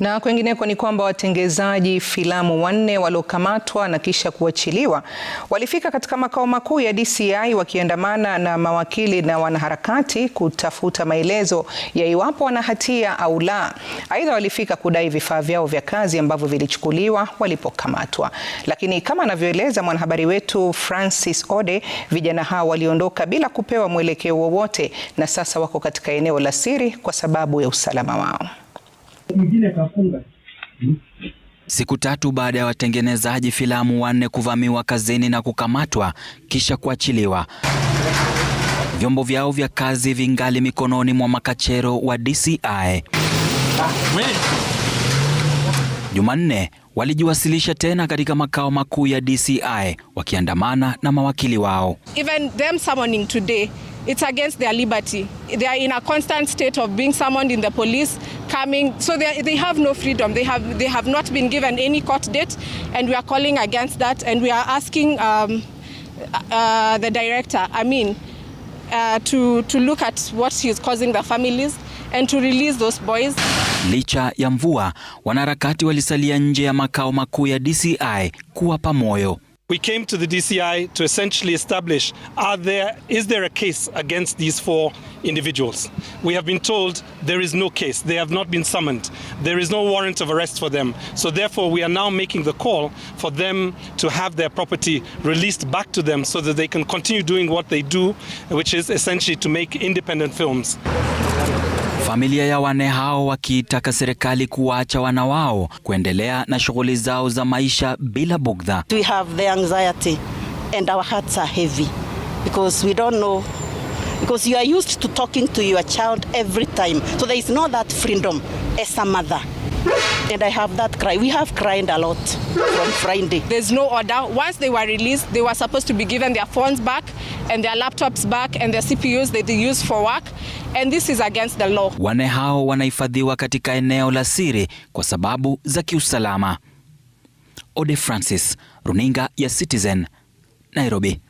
Na kwengineko ni kwamba watengezaji filamu wanne waliokamatwa na kisha kuachiliwa walifika katika makao makuu ya DCI wakiandamana na mawakili na wanaharakati kutafuta maelezo ya iwapo wana hatia au la. Aidha, walifika kudai vifaa vyao vya kazi ambavyo vilichukuliwa walipokamatwa. Lakini kama anavyoeleza mwanahabari wetu Francis Ode, vijana hao waliondoka bila kupewa mwelekeo wowote na sasa wako katika eneo la siri kwa sababu ya usalama wao mwingine kafunga. Siku tatu baada ya watengenezaji filamu wanne kuvamiwa kazini na kukamatwa kisha kuachiliwa, vyombo vyao vya kazi vingali mikononi mwa makachero wa DCI. Jumanne walijiwasilisha tena katika makao makuu ya DCI wakiandamana na mawakili wao Even them it's against their liberty. They are in a constant state of being summoned in the police, coming. So they, they have no freedom. They have, they have not been given any court date, and we are calling against that. And we are asking um, uh, the director, I mean, uh, to, to look at what is causing the families and to release those boys. Licha ya mvua, wanaharakati walisalia nje ya makao makuu ya DCI kuwapa moyo. We came to the DCI to essentially establish are there, is there a case against these four individuals? We have been told there is no case. They have not been summoned. There is no warrant of arrest for them. So, therefore, we are now making the call for them to have their property released back to them so that they can continue doing what they do, which is essentially to make independent films. Familia ya wane hao wakiitaka serikali kuwaacha wana wao kuendelea na shughuli zao za maisha bila bugdha. We have the anxiety and our hearts are heavy because we don't know because you are used to talking to your child every time so there is no that freedom as a mother and I have that cry. We have cried a lot from Friday. There's no order. Once they were released, they were supposed to be given their phones back and their laptops back and their CPUs that they use for work and this is against the law. Wane hao wanahifadhiwa katika eneo la siri kwa sababu za kiusalama. Ode Francis, Runinga ya Citizen, Nairobi.